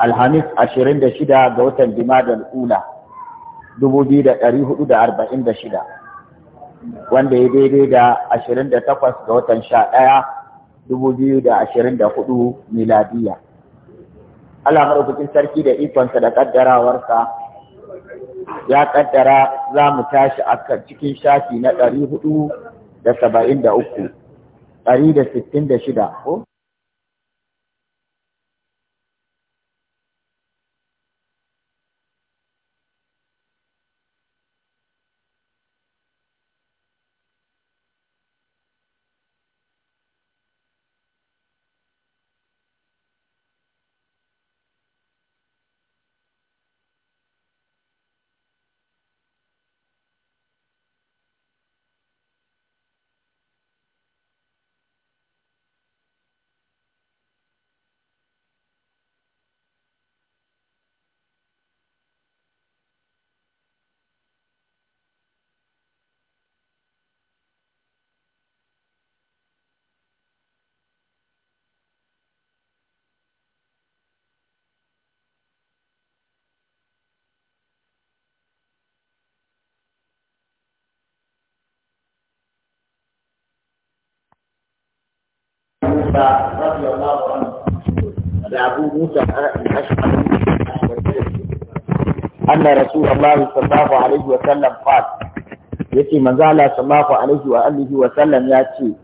alhamis ashirin da shida ga watan jimadar ula dubu biyu da ɗari hudu da arba'in da shida wanda ya daidai da ashirin da takwas ga watan sha ɗaya dubu biyu da ashirin da hudu miladiya Allah maɗaukakin sarki da ikonsa da ƙaddarawarsa ya ƙaddara za mu tashi a cikin shafi na ɗari hudu da saba'in da uku ɗari da sittin da shida ko رضي الله عنه لأبو موسى الأشعري أن رسول الله صلى الله عليه وسلم قال يتي من زال صلى الله عليه وآله وسلم يأتي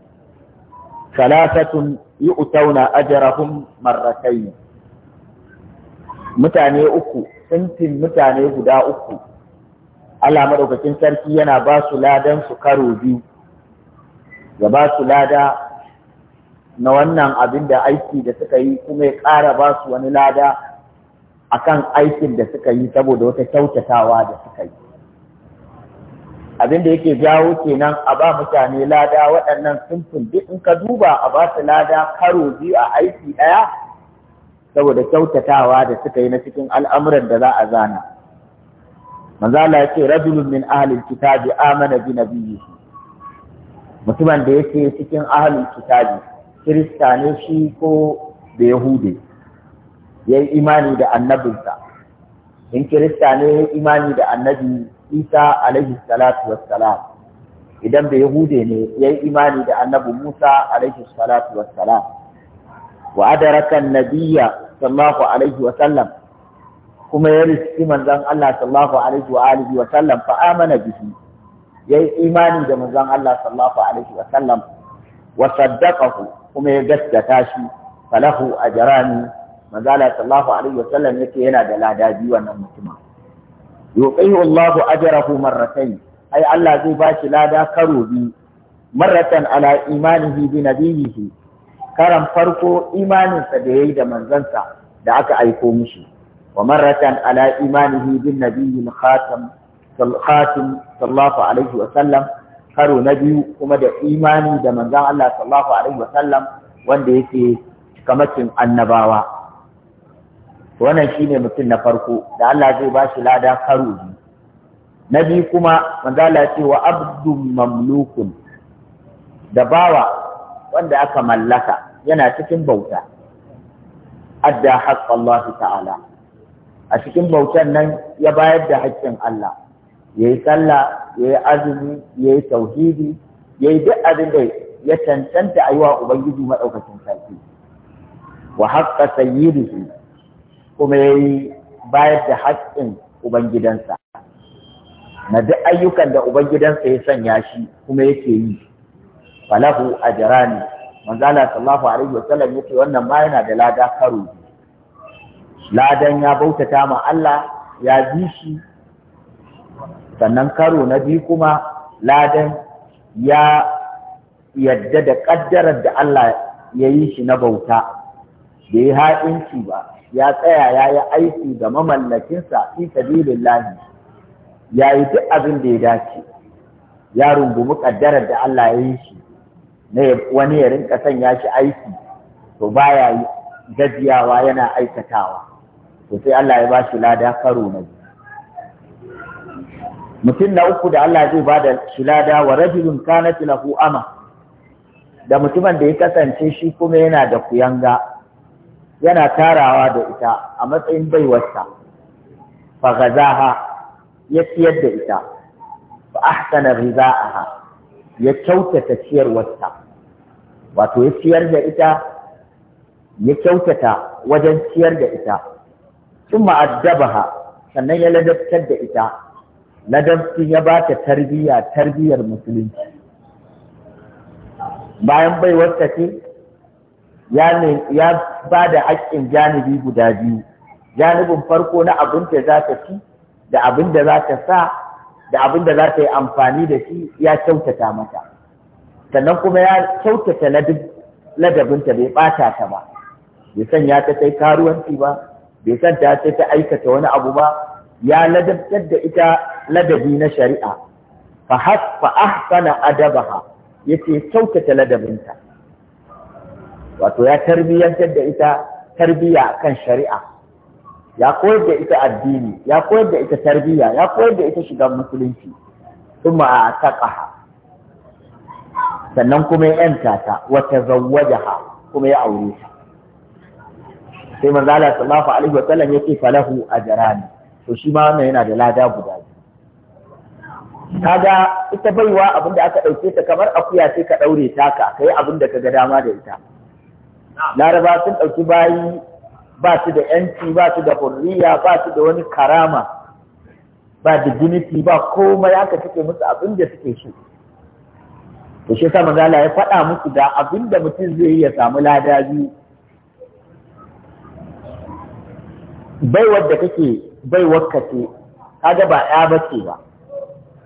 ثلاثة يؤتون أجرهم مرتين متاني أكو سنت متاني هدا أكو ألا madaukakin تنسر كينا ba لادا ladan بي karo لادا na wannan abin da aiki da suka yi kuma ya ƙara ba su wani lada a kan aikin da suka yi saboda wata kyautatawa da suka yi abin da yake jawo kenan a ba mutane lada waɗannan simfin duk in ka duba a ba su lada karo biyu a aiki ɗaya saboda kyautatawa da suka yi na cikin al'amuran da za a zana manzala ya ce rajulun min ahalin kitabi amana bi nabiyyi mutumin da yake cikin ahalin kitabi kirista ne shi ko da yahude ya yi imani da annabinsa in kirista ne ya yi imani da annabi isa alaihi salatu wassalam idan da yahude ne ya yi imani da annabi musa alaihi salatu wassalam wa adaraka nabiyya sallallahu alaihi wasallam kuma ya riski manzon Allah sallallahu alaihi wa alihi wa sallam fa amana bihi yi imani da manzon Allah sallallahu alaihi wa sallam wa saddaqahu kuma ya gaskata shi falahu ajrani manzo Allah sallallahu alaihi yake yana da lada biyu wannan mutumin yuqihu Allahu ajrahu marratayn ai Allah zai ba shi lada karo biyu marratan ala imanihi bi nabiyhi karan farko imaninsa da yayi da manzansa da aka aiko mishi wa marratan ala imanihi bin nabiyil khatam khatim sallallahu alaihi wa sallam karo na biyu kuma da imani da manzon Allah sallallahu alaihi wasallam wanda yake kamacin annabawa wannan shine mutum na farko da Allah zai ba shi lada karo biyu na biyu kuma manzo Allah ce wa abdun mamlukun da bawa wanda aka mallaka yana cikin bauta adda haqqallahi ta'ala a cikin bautan nan ya bayar da haƙƙin Allah Yayi sallah yayi azumi yayi tauhidi yayi yi duk abin da ya cancanta a yi wa ubangiji maɗaukacin sarki wa haƙƙa sayyidihi kuma ya yi bayar da haƙƙin ubangidansa na duk ayyukan da ubangidansa ya sanya shi kuma yake yi falahu ajrani manzo Allah sallallahu alaihi wasallam yace wannan ma yana da lada karo ladan ya bautata ma Allah ya bi shi sannan karo na biyu kuma ladan ya yadda da ƙaddarar da Allah ya yi shi na bauta da ya haɗinci ba ya tsaya ya yi aiki ga mamallakinsa fi lahi ya yi duk abin da ya dace ya rungumi ƙaddarar da Allah ya yi shi wani ya rinka sanya shi aiki to baya gajiyawa yana aikatawa to sai Allah ya ba shi lada karo na biyu mutum na uku da Allah zai bada shilada wa rajulun kanat lahu ama da mutumin da ya kasance shi kuma yana da kuyanga yana tarawa da ita a matsayin baiwarsa fa gazaha ya ciyar da ita fa ahsana rizaaha ya kyautata ciyarwarta. wato ya ciyar da ita ya kyautata wajen ciyar da ita sun ma'addabaha sannan ya ladabtar da ita ladabci ya ba ta tarbiyya tarbiyyar musulunci bayan bai wacce ce ya ba da haƙƙin janibi guda biyu janibin farko na abin da za ta ci da abin da za ta sa da abin da za ta yi amfani da shi ya kyautata mata sannan kuma ya kyautata ladabinta bai ɓata ta ba bai sanya ta kai karuwanci ba bai san ta ta aikata wani abu ba ya ladabtar da ita ladabi na shari'a fa hasfa ahsana adabaha yace kyautata ladabinta wato ya tarbiyyantar da ita tarbiyya kan shari'a ya koyar da ita addini ya koyar da ita tarbiyya, ya koyar da ita shiga musulunci kuma a taqaha sannan kuma ya yanta ta wa tazawwajaha kuma ya aure ta sai manzo Allah sallallahu alaihi wa sallam yake falahu ajran to shi ma wannan yana da lada guda biyu. ga ita baiwa abinda aka ɗauke ta kamar akuya sai ka ɗaure taka ka yi abinda ka ga dama da ita laraba sun ɗauki bayi ba su da yanci ba su da hurriya ba su da wani karama ba dignity ba komai haka suke musu abin da suke so to shi yasa ya faɗa musu da abin da mutum zai yi ya samu lada biyu baiwar da kake bai wakace kaga ba ya bace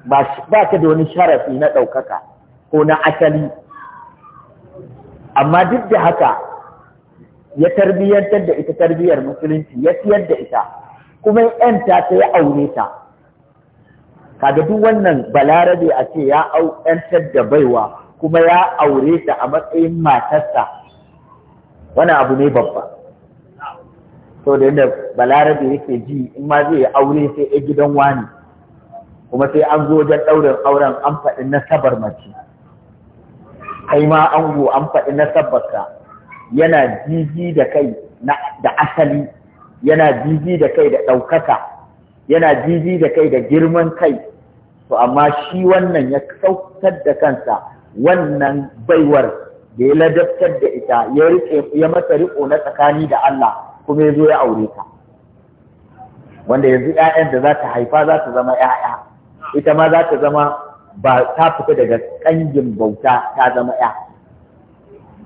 ba ba ta da wani sharafi na ɗaukaka ko na asali amma duk da haka ya tarbiyyantar da ita tarbiyyar musulunci ya siyar da ita kuma 'yan ta ya aure ta kaga duk wannan balarabe a ce ya ‘yantar da baiwa kuma ya aure ta a matsayin matarsa wani abu ne babba so da yadda balarabe yake ji in ma zai yi aure sai ya gidan wani kuma sai an zo wajen ɗaurin auren an faɗi nasabar mace kai ma ango an faɗi nasabarsa yana jiji da kai da asali yana jiji da kai da ɗaukaka yana jiji da kai da girman kai to amma shi wannan ya saukar da kansa wannan baiwar da ya ladabtar da ita ya mata riko na tsakani da Allah kuma ya zo ya aure ta wanda yanzu ‘ya'yan da za ta haifa za ta zama ‘ya'ya ita ma za ta zama ba ta fita daga ƙangin bauta ta zama ‘ya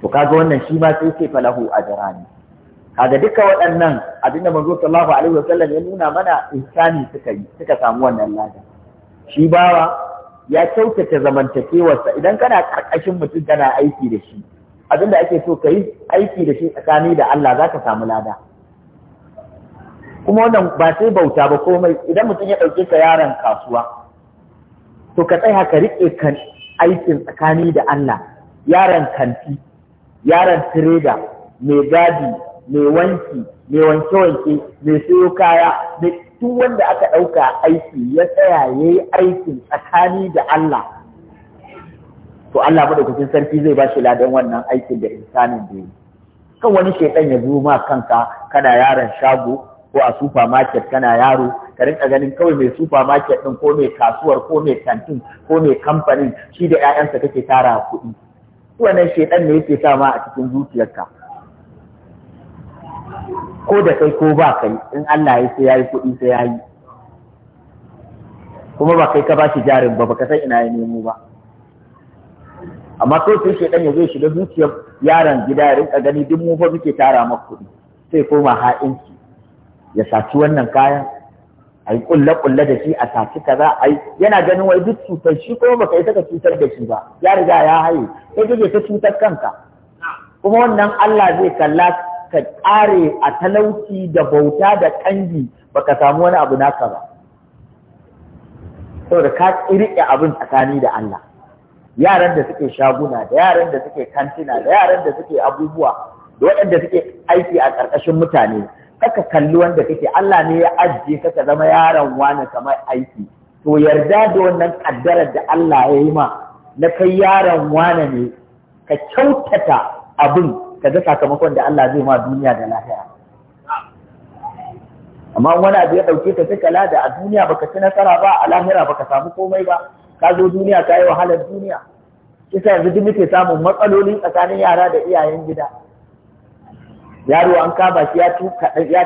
to kaga wannan shi ma sai ce falahu a ajrani kaga duka waɗannan abinda manzo sallallahu alaihi wa Sallam ya nuna mana ihsani suka yi suka samu wannan lada shi bawa ya kyautata zamantakewarsa idan kana karkashin mutum kana aiki da shi abinda ake so ka yi aiki da shi tsakani da Allah za ka samu lada kuma wannan ba sai bauta ba komai idan mutum ya ɗauke ka yaron kasuwa to ka tsaya ka riƙe kan aikin tsakani da Allah yaron kanti yaron tireda mai gadi mai wanki mai wanke-wanke mai sayo kaya duk wanda aka ɗauka aiki ya tsaya ya yi aikin tsakani da Allah to Allah maɗaukakin sarki zai ba shi ladan wannan aikin da insanin da yi kan wani shekan ya zo ma kanka kana yaron shago ko a supermarket kana yaro ka rinka ganin kawai mai supermarket ɗin ko mai kasuwar ko mai kantin ko mai kamfanin shi da 'ya'yansa kake tara kuɗi wannan shedan ne yake sa ma a cikin zuciyarka ko da kai ko ba kai in Allah ya sai yayi kuɗi sai yayi kuma ba kai ka ba shi jarin ba baka san ina ya nemo ba amma ko sai shedan ya zo shiga zuciyar yaron gida ya rinka gani duk mu fa muke tara maka kuɗi sai koma ha'inci ya saci wannan kayan a yi kulle-kulle da shi a saci Za a yi yana ganin wai duk cutar shi kuma baka yi saka cutar da shi ba ya riga ya haye sai kake ta cutar kanka kuma wannan Allah zai kalla ka ƙare a talauci da bauta da kangi baka samu wani abu naka ba saboda ka riƙe abin tsakani da Allah yaran da suke shaguna da yaran da suke kantina da yaran da suke abubuwa da waɗanda suke aiki a ƙarƙashin mutane ka kalli wanda kake Allah ne ya ajiye ka ka zama yaron wani kamar aiki to yarda da wannan kaddarar da Allah ya yi ma na kai yaron wani ne ka kyautata abin ka ga sakamakon da Allah zai ma duniya da lafiya amma wani abu ya dauke ka kika da a duniya baka ci nasara ba a lahira baka samu komai ba ka zo duniya ka yi wahalar duniya kisa yanzu duk muke samun matsaloli tsakanin yara da iyayen gida yaro an kaba shi ya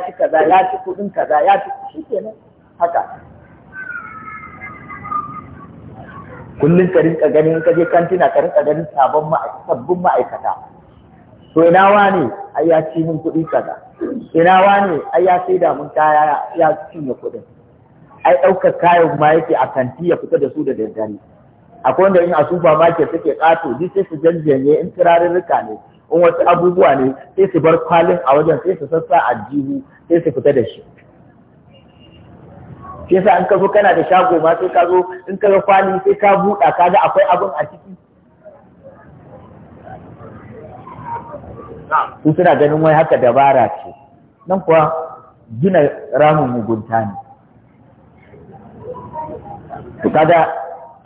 ci kaza ya ci kudin kaza ya ci shi kenan haka kullum ka rinka ganin ka je kantina ka rinka ganin sabon sabbin ma'aikata to ina wani ai ya ci min kuɗi kaza ina wani ai ya sai da mun kaya ya cinye kuɗin ai ɗaukar kayan ma yake a kanti ya fita da su da daddare akwai wanda in a supermarket suke ƙato duk sai su janjanye in turarurruka ne in wasu abubuwa ne sai su bar kwalin a wajen sai su sassa a jihu sai su fita da shi Sai sa in ka zo kana da shago ma sai ka zo in ka ga kwali sai ka buɗa ka ga akwai abin a ciki su suna ganin wai haka dabara ce nan kuwa gina ramin mugunta ne to kaga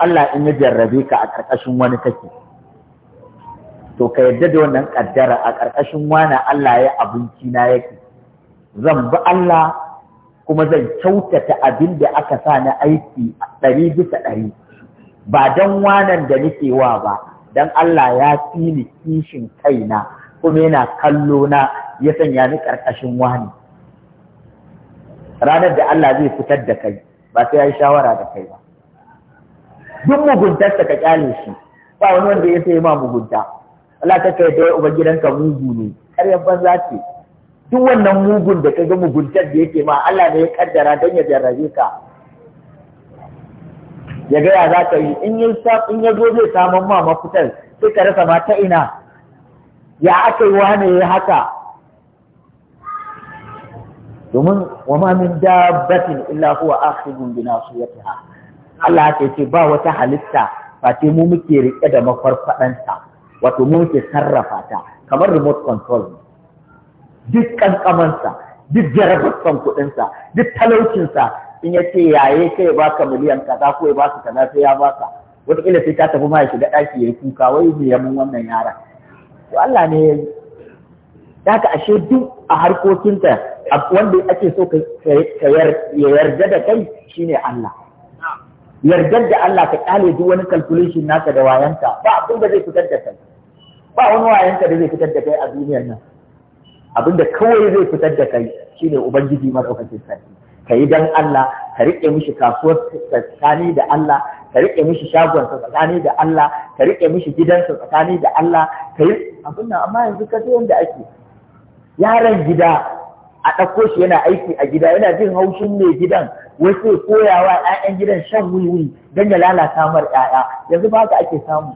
Allah in ya jarrabe ka a ƙarƙashin wani kake to ka yadda da wannan kaddara a ƙarƙashin wana Allah ya abinci na yake zan bi Allah kuma zan kyautata abin da aka sa na aiki ɗari bisa ɗari ba don wanan da nake wa ba don Allah ya fi ni kishin kaina kuma yana kallo na ya sanya ni ƙarƙashin wani ranar da Allah zai fitar da kai ba sai ya yi shawara da kai ba duk muguntarsa ka kyale shi ba wani wanda ya sai ma mugunta Allah ta kai da uba gidanka mugu ne ƙaryar banza ce duk wannan mugun da ka ga muguntar da yake ma Allah ne ya kaddara dan ya jarrabe ka ya gaya za ka yi in in ya zo zai samun ma mafitar sai ka rasa ma ta ina ya aka yi wane ya haka domin wa ma min dabbatin illa huwa akhidun bi nasiyatiha Allah ya ce ba wata halitta ba ce mu muke rike da mafarfadanta wato mun ke sarrafa ta kamar remote control ne duk kankamansa duk jarabarsan kuɗinsa duk talaucinsa in ya ce yaye ka ya baka miliyan kaza ko ya baka kaza sai ya baka wataƙila sai ta tafi ma ya shiga ɗaki ya yi kuka wai me ya mun wannan yaran to Allah ne ya yi haka ashe duk a harkokinta wanda ake so ka yarda da kai shine Allah yardar da Allah ka ƙyale duk wani calculation naka da wayanta, ba abin da zai fitar da kai ba wani wayanka da zai fitar da kai a duniyar nan abinda kawai zai fitar da kai shine ubangiji madaukakin sarki ka yi dan Allah ka riƙe mishi kasuwar tsakani da Allah ka riƙe mishi shagon tsakani da Allah ka riƙe mishi gidansa tsakani da Allah ka yi abin nan amma yanzu ka ji yanda ake yaron gida a ɗauko shi yana aiki a gida yana jin haushin mai gidan wasu koyawa 'ya'yan gidan shan wiwi don ya lalata mar 'ya'ya yanzu ba haka ake samu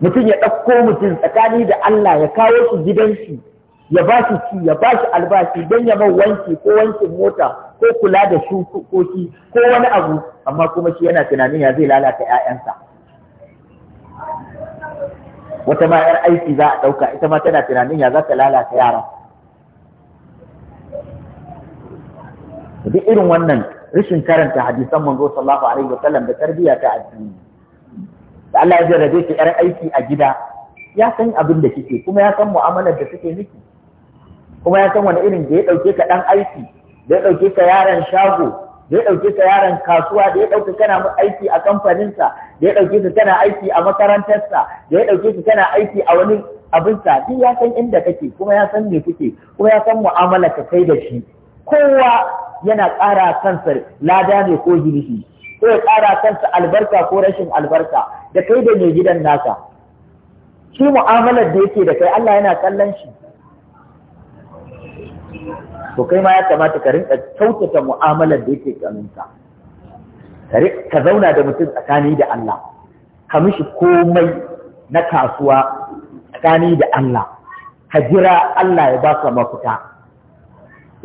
mutum ya ɗauko mutum tsakani da Allah ya kawo shi gidansu ya ba shi ci ya ba shi albashi don ya man wanki ko wankin mota ko kula da shukoki ko wani abu amma kuma shi yana tunanin ya zai lalata 'ya'yansa wata ma 'yar aiki za a ɗauka ita ma tana tunanin ya za ta lalata yara duk irin wannan rashin karanta hadisan manzo sallallahu alaihi wasallam da tarbiyya ta addini da Allah ya jarrabe ki yar aiki a gida ya san abin da kike kuma ya san mu'amalar da kike miki kuma ya san wani irin da ya dauke ka ɗan aiki da ya dauke ka yaron shago da ya dauke ka yaron kasuwa da ya dauke kana aiki a kamfaninsa da ya dauke ka kana aiki a makarantarsa da ya dauke ka kana aiki a wani abin sa duk ya san inda kake kuma ya san me kuke kuma ya san mu'amalar ka kai da shi kowa yana ƙara kansa lada ne ko girki. ko ya ƙara kansa albarka ko rashin albarka da kai da mai gidan nasa. shi mu'amalar da yake da kai Allah yana kallon shi to kai ma ya kamata ka rinka kyautata mu'amalar da yake tsaninka ka zauna da mutum tsakani da Allah ka mishi komai na kasuwa tsakani da Allah ka jira Allah ya baka mafita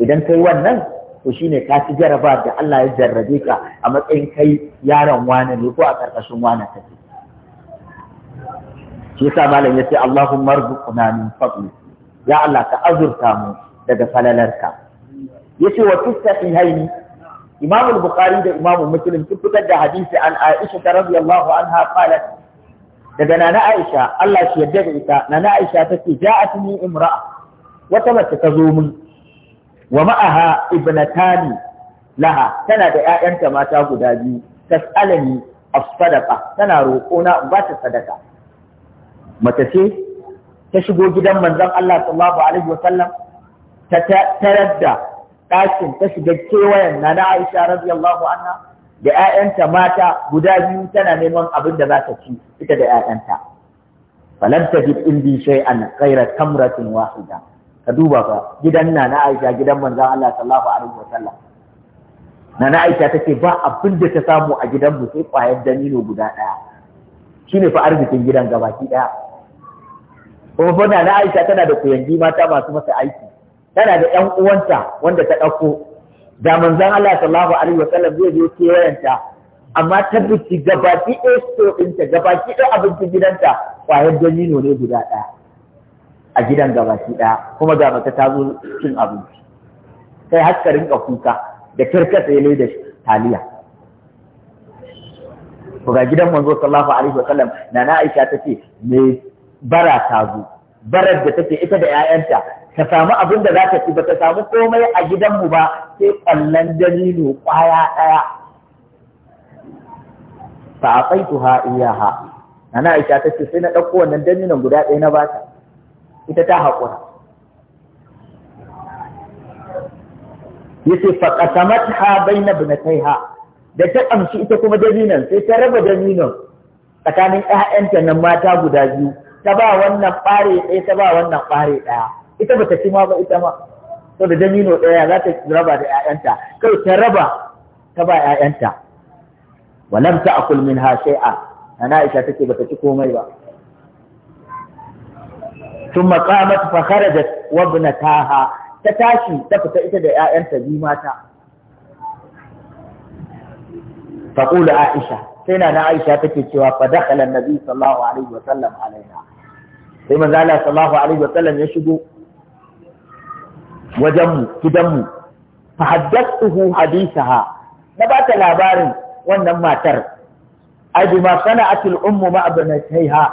idan kai wannan to shine ka ci jaraba da Allah ya jarrabe ka a matsayin kai yaron wani ne ko a karkashin ka kake shi yasa malam yace Allahumma arzuqna min fadli ya Allah ka azurta mu daga falalarka yace wa tusahihaini Imam al-Bukhari da Imam Muslim sun fitar da hadisi an Aisha ta radiyallahu anha qalat daga nana Aisha Allah shi yarda da ita nana Aisha tace ja'atni imra'a wata mace ta zo mun wa ma'aha ibnatani laha tana da ƴaƴanta mata guda biyu tas'alani as-sadaqa tana roƙona in ba ta sadaka mace ce ta shigo gidan manzon Allah sallallahu alaihi wa sallam ta tarar da ɗakin ta shiga kewayen Nana na Aisha radiyallahu anha da ‘ya'yanta mata guda biyu tana neman abin da za ta ci ita da ‘ya'yanta. Falam ta ji indi shai an kaira tamratin wahida. ka duba ka gidan na na Aisha gidan manzon Allah sallallahu alaihi wasallam na na Aisha take ba abin da ta samu a gidan mu sai kwayar danino guda daya shine fa arzikin gidan gabaki daya kuma fa na na Aisha tana da kuyangi mata masu masa aiki tana da ƴan uwanta wanda ta ɗauko da manzon Allah sallallahu alaihi wasallam zai zo kewayenta amma ta biki gabaki ɗaya so ɗinta gabaki ɗaya abincin gidanta kwayar danino ne guda ɗaya a gidan gabaki ɗaya kuma ga mace ta zo cin abinci sai har ka rinka kuka da kirkata ya da taliya ko ga gidan manzo sallallahu alaihi wasallam nana Aisha tace me bara ta zo barar da take ita da 'ya'yanta ta samu abin da za ta ci ba ta samu komai a gidan mu ba sai kallan dalilu kwaya ɗaya fa aqaituha iyaha nana Aisha tace sai na ɗauko wannan dalilin guda ɗaya na ba ta. ita ta haƙura yace fa na kai ha. da ta ƙamshi ita kuma dabinan sai ta raba dabinan tsakanin ƴaƴanta nan mata guda biyu ta ba wannan ɓare ɗaya ta ba wannan ɓare ɗaya ita ta ci ma ba ita ma So da dabino ɗaya za ta raba da 'ya'yanta. kai ta raba ta ba ƴaƴanta a ta'kul minha shay'a ana Aisha take ta ci komai ba ثم قامت فخرجت وابنتاها تتاشي تفتا إتا دا آئن تزيماتا فقول عائشة سينا أنا عائشة تكتشوا فدخل النبي صلى الله عليه وسلم علينا سيما زالة صلى الله عليه وسلم يشبو وجمه كدمه فحدثته حديثها نبات الأبار وانما تر أي بما صنعت الأم مع ابنتيها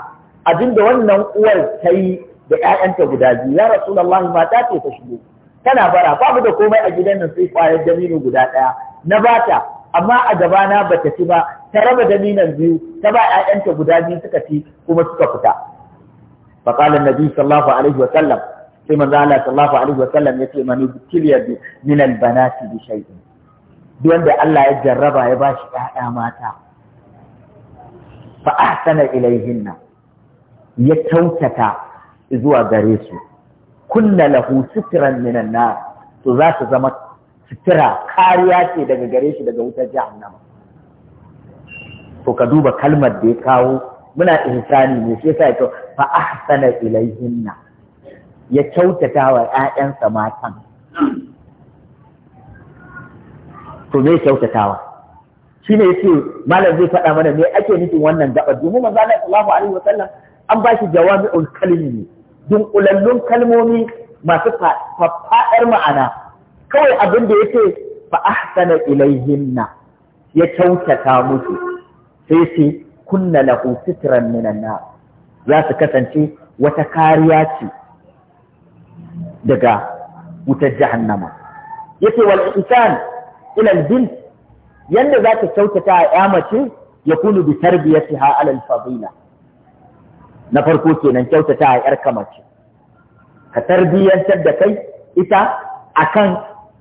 abinda wannan uwar ta yi da ƴaƴanta guda biyu ya rasulullahi mata ce ta shigo tana bara babu da komai a gidan nan sai kwayar damino guda ɗaya na bata amma a gabana bata ci ba ta raba daminan biyu ta ba ƴaƴanta guda biyu suka ci kuma suka fita fa qala annabi sallallahu alaihi wa sallam sai manzo Allah sallallahu alaihi wa sallam yace man ibtiliya min al banati bi shay'in duk wanda Allah ya jarraba ya bashi ƴaƴa mata fa ahsana ilaihinna ya kyautata zuwa gare su kunna lahu sitran minan na to za su zama sitira kariya ce daga gare shi daga wutar jahannama to ka duba kalmar da ya kawo muna insani ne sai sai ya fa ahsana ilayhinna ya kyautata wa ƴaƴansa matan to me kyautatawa shine yace malam zai faɗa mana me ake nufin wannan gaba domin manzo Allah sallallahu alaihi wasallam an ba shi jawami'ul kalmi dunkulallun kalmomi masu faɗaɗar ma'ana kawai abin da yake fa ahsana ilayhinna ya kyautata musu sai sai kunna lahu sitran minan nar za su kasance wata kariya ce daga wutar jahannama yace wal ihsan ila al bint yanda za ta kyautata ya mace ya kunu bi tarbiyatiha ala al fadila na farko kenan kyautata a ‘yar kamace ka tarbiyyantar da kai ita a kan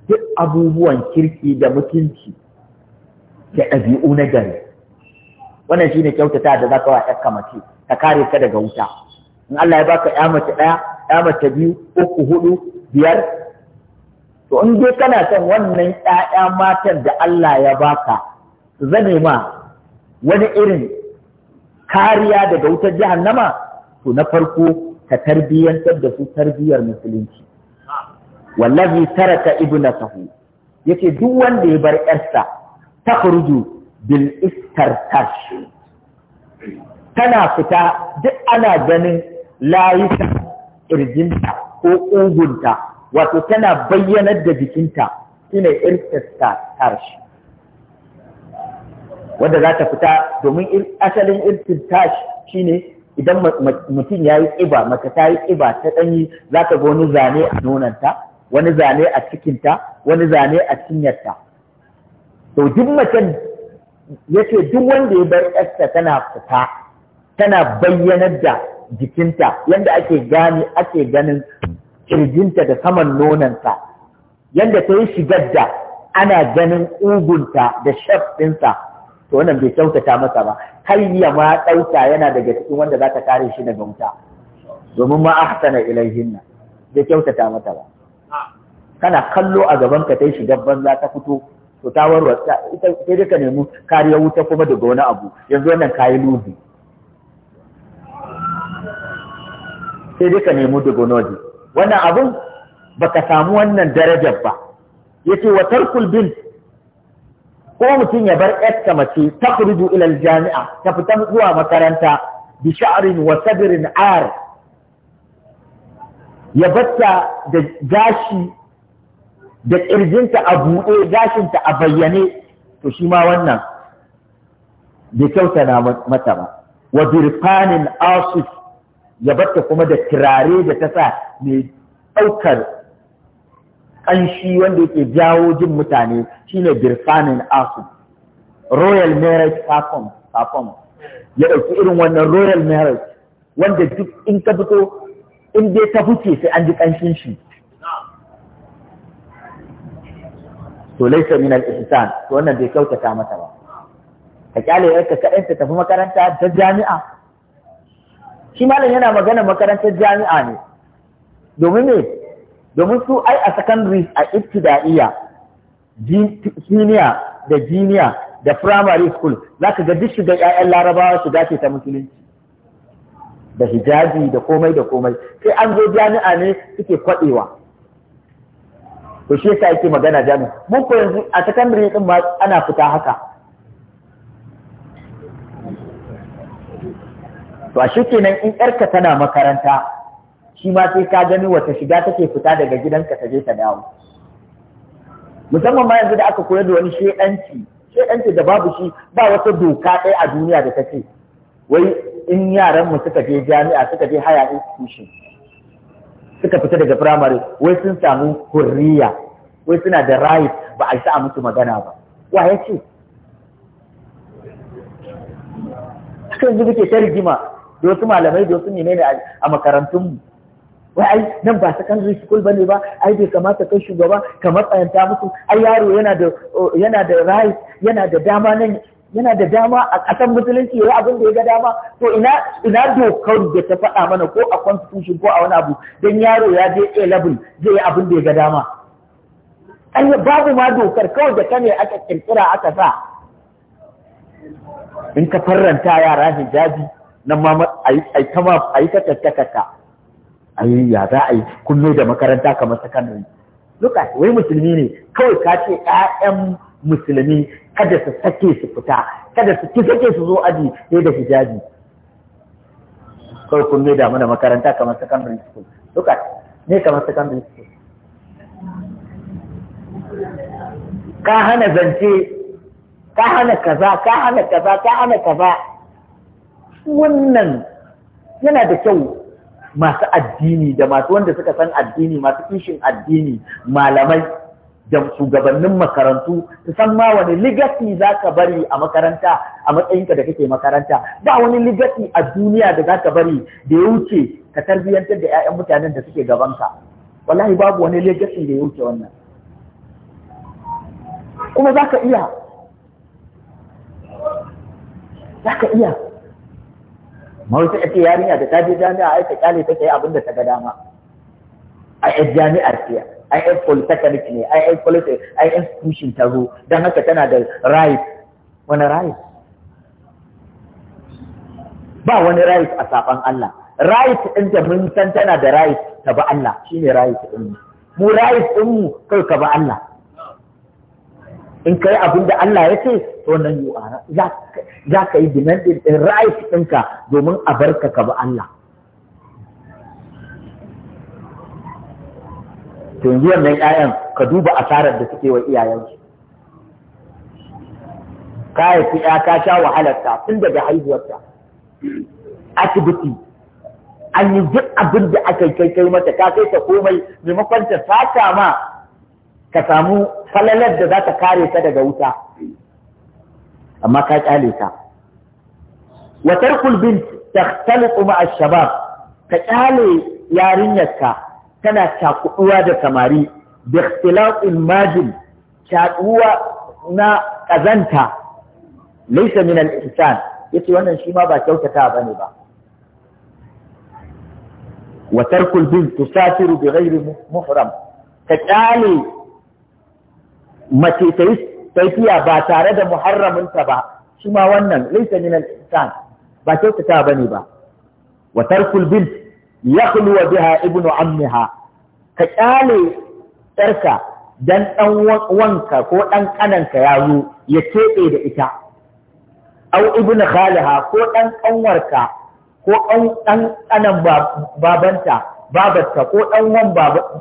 duk abubuwan kirki da mutunci da ɗabi'u na gari wannan shi ne kyautata da za ka wa ‘yar kamace ka kare ka daga wuta in Allah ya baka ‘ya mace ɗaya ‘ya mace biyu uku hudu biyar to in dai kana son wannan ‘ya'ya matan da Allah ya baka su zame ma wani irin kariya daga wutar nama? to na farko ka tarbiyyantar da su tarbiyyar musulunci wallazi taraka ibnatahu yace duk wanda ya bar yarsa ta khuruju bil istartash tana fita duk ana ganin layuka irjinta ko ugunta wato tana bayyanar da jikinta shine irtastash wanda za ta fita domin asalin irtastash shine idan mutum ya yi ƙiba mace ta yi ƙiba ta ɗanyi za ka ga wani zane a nonanta wani zane a cikinta wani zane a cinyarta to duk macen ya ce duk wanda ya bar yarsa tana fita tana bayyanar da jikinta yadda ake gane ake ganin kirjinta da saman nonanta yadda ta yi shigar da ana ganin ugunta da shaf ɗinsa to wannan bai kyautata masa ba har ya ma dauka yana daga cikin wanda za ta kare shi daga wuta domin ma ahsana ilayhinna bai kyautata mata ba kana kallo a gaban ka tai shigar banza ta fito to ta warwa ita sai dai ka nemi kariya wuta kuma daga wani abu yanzu wannan kayi lubi sai dai ka nemi daga wani wannan abun baka samu wannan darajar ba yace wa tarkul bil ko mutum ya bar ƴarta mace ta kurudu ilal jami'a ta fita zuwa makaranta bi sha'rin wa sadrin ar ya batta da gashi da ƙirjinta a buɗe gashinta a bayyane to shi ma wannan bai kyauta na mata ba wa birfanin asif ya batta kuma da turare da ta sa mai ɗaukar ƙanshi wanda yake jawo jin mutane shine birfanin asu royal marriage perform perform ya ɗauki irin wannan royal marriage wanda duk in ka fito in dai ta huce sai an ji ƙanshin shi to laisa min al-ihsan to wannan bai kautata mata ba ka kyale yarka kaɗan ta tafi makaranta ta jami'a shi malam yana magana makarantar jami'a ne domin me domin su ai a secondary a ibtida'iyya senior da junior da primary school za ka ga duk shiga 'ya'yan larabawa shiga ce ta musulunci da hijabi da komai da komai sai an zo jami'a ne suke kwaɗewa to shi yasa yake magana jami'a mun ko yanzu a secondary din ma ana fita haka to a kenan in ƴarka tana makaranta shi ma sai ka gani wata shiga take fita daga gidanka ta je ta dawo musamman ma yanzu da aka koyar da wani shaidanci shaidanci da babu shi ba wata doka ɗaya a duniya da ta ce wai in yaran mu suka je jami'a suka je haya institution suka fita daga firamare wai sun samu hurriya wai suna da right ba a sa musu magana ba wa ya ce haka yanzu kuke ta rigima da wasu malamai da wasu ne-ne-ne a makarantunmu wai ai nan ba secondary school bane ba ai bai kamata kai shugaba ka matsayanta musu ai yaro yana da yana da right yana da dama nan yana da dama a kasan musulunci yayi abin da ya ga dama to ina ina dokar da ta faɗa mana ko a constitution ko a wani abu dan yaro ya je A level zai yi abin da ya ga dama ai babu ma dokar kawai da kane aka kirkira aka sa in ka farranta yara hijabi nan ma a yi ta kakka ai ya za a yi kunne da makaranta kamar sakandare duka wai musulmi ne kawai ka ce ƴaƴan musulmi kada su sake su fita kada su ki sake su zo aji sai da hijabi kawai kunne da mana makaranta kamar sakandare school duka ne kamar sakandare school ka hana zance ka hana kaza ka hana kaza ka hana kaza wannan yana da kyau masu addini da masu wanda suka san addini masu kishin addini malamai da shugabannin makarantu su san ma wani ligasi za ka bari a makaranta a matsayinka da kake makaranta ba wani ligasi a duniya da za ka bari da ya wuce ka tarbiyyantar da 'ya'yan mutanen da suke gabanka wallahi babu wani ligasi da ya wuce wannan kuma za ka iya za ka iya mawuce a ce yarinya da ta je jami'a ai ta kyale take abin da ta ga dama a ai jami'a ce ai ai polytechnic ne ai ai college ai institution ta zo dan haka tana da right wani right ba wani right a safan Allah right din da mun san tana da right ta ba Allah shine right din mu right din mu kai ka ba Allah in kai abin da Allah ya ce to nan yi za ka yi demanding din right ɗinka domin a barka ka ba Allah to yanzu mai ƴaƴan ka duba asarar da suke wa iyayensu ka haifi ya ka sha wahalarta tun daga haihuwarta asibiti an yi duk abin da aka kai kai mata ka kai ta komai maimakon ta saka ma ka samu falalar da za ta kare ka daga wuta amma ka kyale ta wa tarkul bint takhtaliqu ma'a shabab ka kyale yarinyarka tana cakuduwa da samari bi ikhtilaqil majin cakuduwa na kazanta laysa min al-ihsan yace wannan shi ma ba kyautata bane ba wa tarkul bint tusafiru bi ghairi muhram ka kyale mace ta yi tafiya ba tare da muharraminta ba shi ma wannan laisa min al-ihsan ba kyautata bane ba wa tarkul bint wa biha ibnu ammiha ka kyale ɗarka dan dan wanka ko dan kananka ya zo ya keɓe da ita au ibnu khaliha ko dan kanwarka ko dan kanan babanta babarta ko dan wan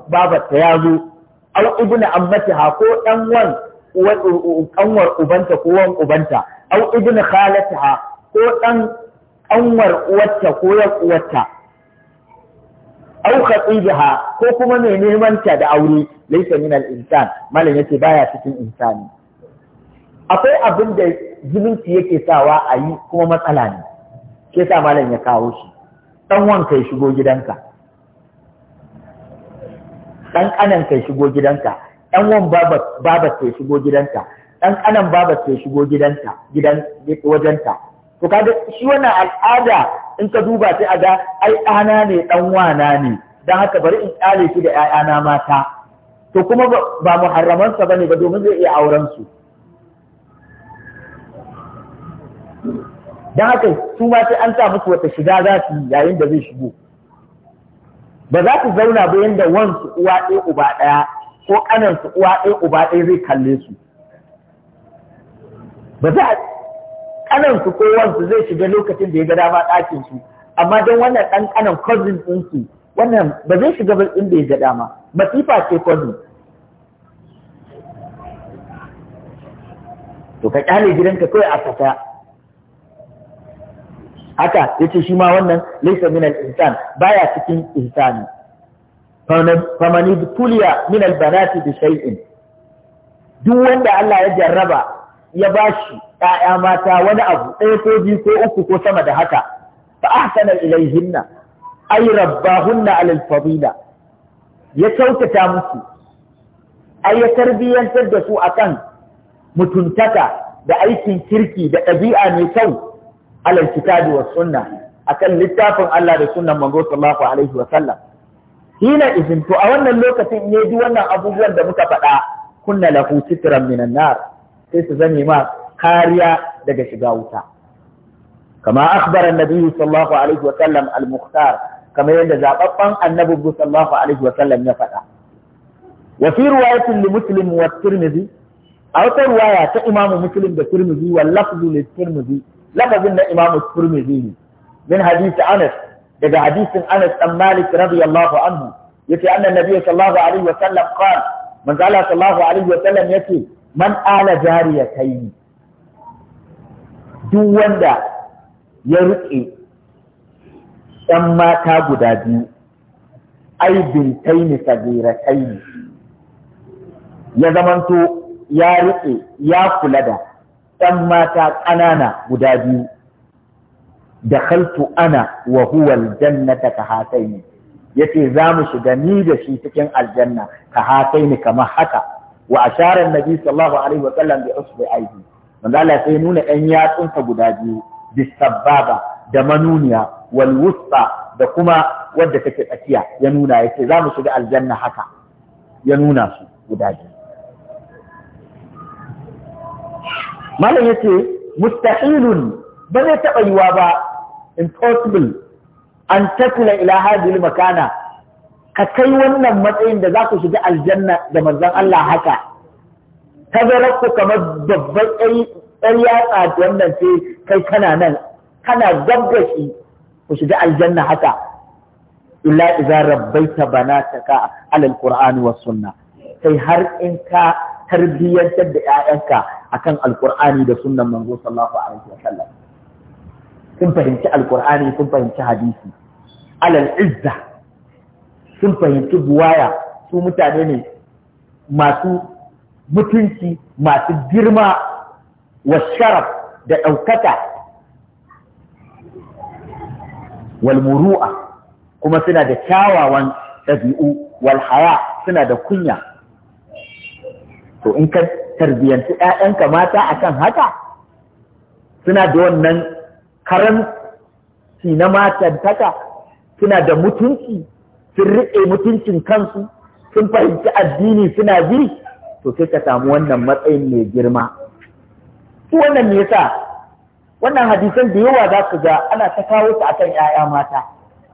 babarta ya zo aw ibnu ammatiha ko dan wan kanwar ubanta ko wan ubanta aw ibnu khalatiha ko dan kanwar uwarta ko yan uwarta aw khatibiha ko kuma mai neman ta da aure laysa min al insan malam yace baya cikin insani akwai abin da zumunci yake sawa a yi kuma matsala ne ke sa malam ya kawo shi dan wanka ya shigo gidanka Ɗan ƙanan kai shigo gidanka ɗan wan baba kai shigo gidanka ɗan ƙanan baba kai shigo gidanka gidan wajenta to kaga shi wannan al'ada in ka duba sai a ga ai ɗana ne ɗan wana ne dan haka bari in ƙale shi da 'Ya'yana mata to kuma ba muharramansa bane ba domin zai iya auren su dan haka su ma sai an sa musu wata shiga za su yi yayin da zai shigo ba za su zauna ba yanda wansu uwa ɗaya uba ɗaya ko ƙanansu uwa ɗaya uba ɗaya zai kalle su ba za a ƙanansu ko wansu zai shiga lokacin da ya ga dama ɗakin amma don wannan ɗan ƙanan cousin ɗinsu wannan ba zai shiga ba inda ya ga dama masifa ce cousin to ka ƙyale gidanka kawai a kasa haka ce shi ma wannan laisa min al-insan baya cikin insani famani tuliya min al-banati bi shay'in duk wanda Allah ya jarraba ya bashi ƴaƴa mata wani abu ɗaya ko biyu ko uku ko sama da haka fa ahsana ilayhinna ay rabbahunna alal fadila ya kyautata musu ai ya tarbiyantar da su akan mutuntaka da aikin kirki da ɗabi'a mai kyau alal kitabi was sunna akan littafin Allah da sunnan manzo sallallahu alaihi wa sallam hina izin to a wannan lokacin ne duk wannan abubuwan da muka faɗa kunna lahu sitran minan nar sai su zame ma kariya daga shiga wuta kama akhbara annabi sallallahu alaihi wa sallam al-mukhtar kamar yadda zababban annabi sallallahu alaihi wa sallam ya faɗa wa fi riwayatin li wa tirmidhi a wata riwaya ta imamu muslim da tirmidhi wa lafzu li tirmidhi lafazin na imamu turmizi ne min hadisi anas daga hadisin anas dan malik radiyallahu anhu yace annan nabiyyu sallallahu alaihi wa sallam qala man qala sallallahu alaihi wa sallam yace man ala jariya jariyataini duk wanda ya rike ‘yan mata guda biyu, ai bintaini sagiratai ne, ya zamanto ya riƙe ya kula da ‘yan mata ƙanana guda biyu, da kaltu ana wa huwal jannata ka hatai ne, ya ce za mu shiga ni da shi cikin aljanna ka hatai ne kamar haka, wa asharar nabi sallallahu alaihi wa sallam bi usbi aiki, Manzo Allah sai nuna ‘yan yatsunsa guda biyu, sababa, da manuniya wal wusta da kuma wadda take tsakiya ya nuna ya ce za mu shiga aljanna haka ya nuna su guda biyu. malam ya ce mustahilun ba zai taɓa yiwa ba impossible an tafila ila hadhihi makana ka kai wannan matsayin da za ku shiga aljanna da manzon Allah haka tazarar kamar babban ɗan yatsa wannan ce kai kana nan kana gabgashi ku shiga aljanna haka illa idza rabbaita banataka alal qur'ani was sunna sai har in ka tarbiyyantar da a kan alkur'ani da sunnan manzo sallallahu alaihi sallam. sun fahimci alqur'ani sun fahimci hadisi alal izza sun fahimci buwaya su mutane ne masu mutunci masu girma wa sharaf da ɗaukaka walmuru'a kuma suna da kyawawan ɗabi'u walhaya suna da kunya to in ka tarbiyanci ‘ya'yanka mata a kan haka suna da wannan karanci na matantaka suna da mutunci sun riƙe mutuncin kansu sun fahimci addini suna bi to sai ka samu wannan matsayin mai girma su wannan ne yasa wannan hadisan da yawa za su ga ana ta kawo su akan ‘ya'ya mata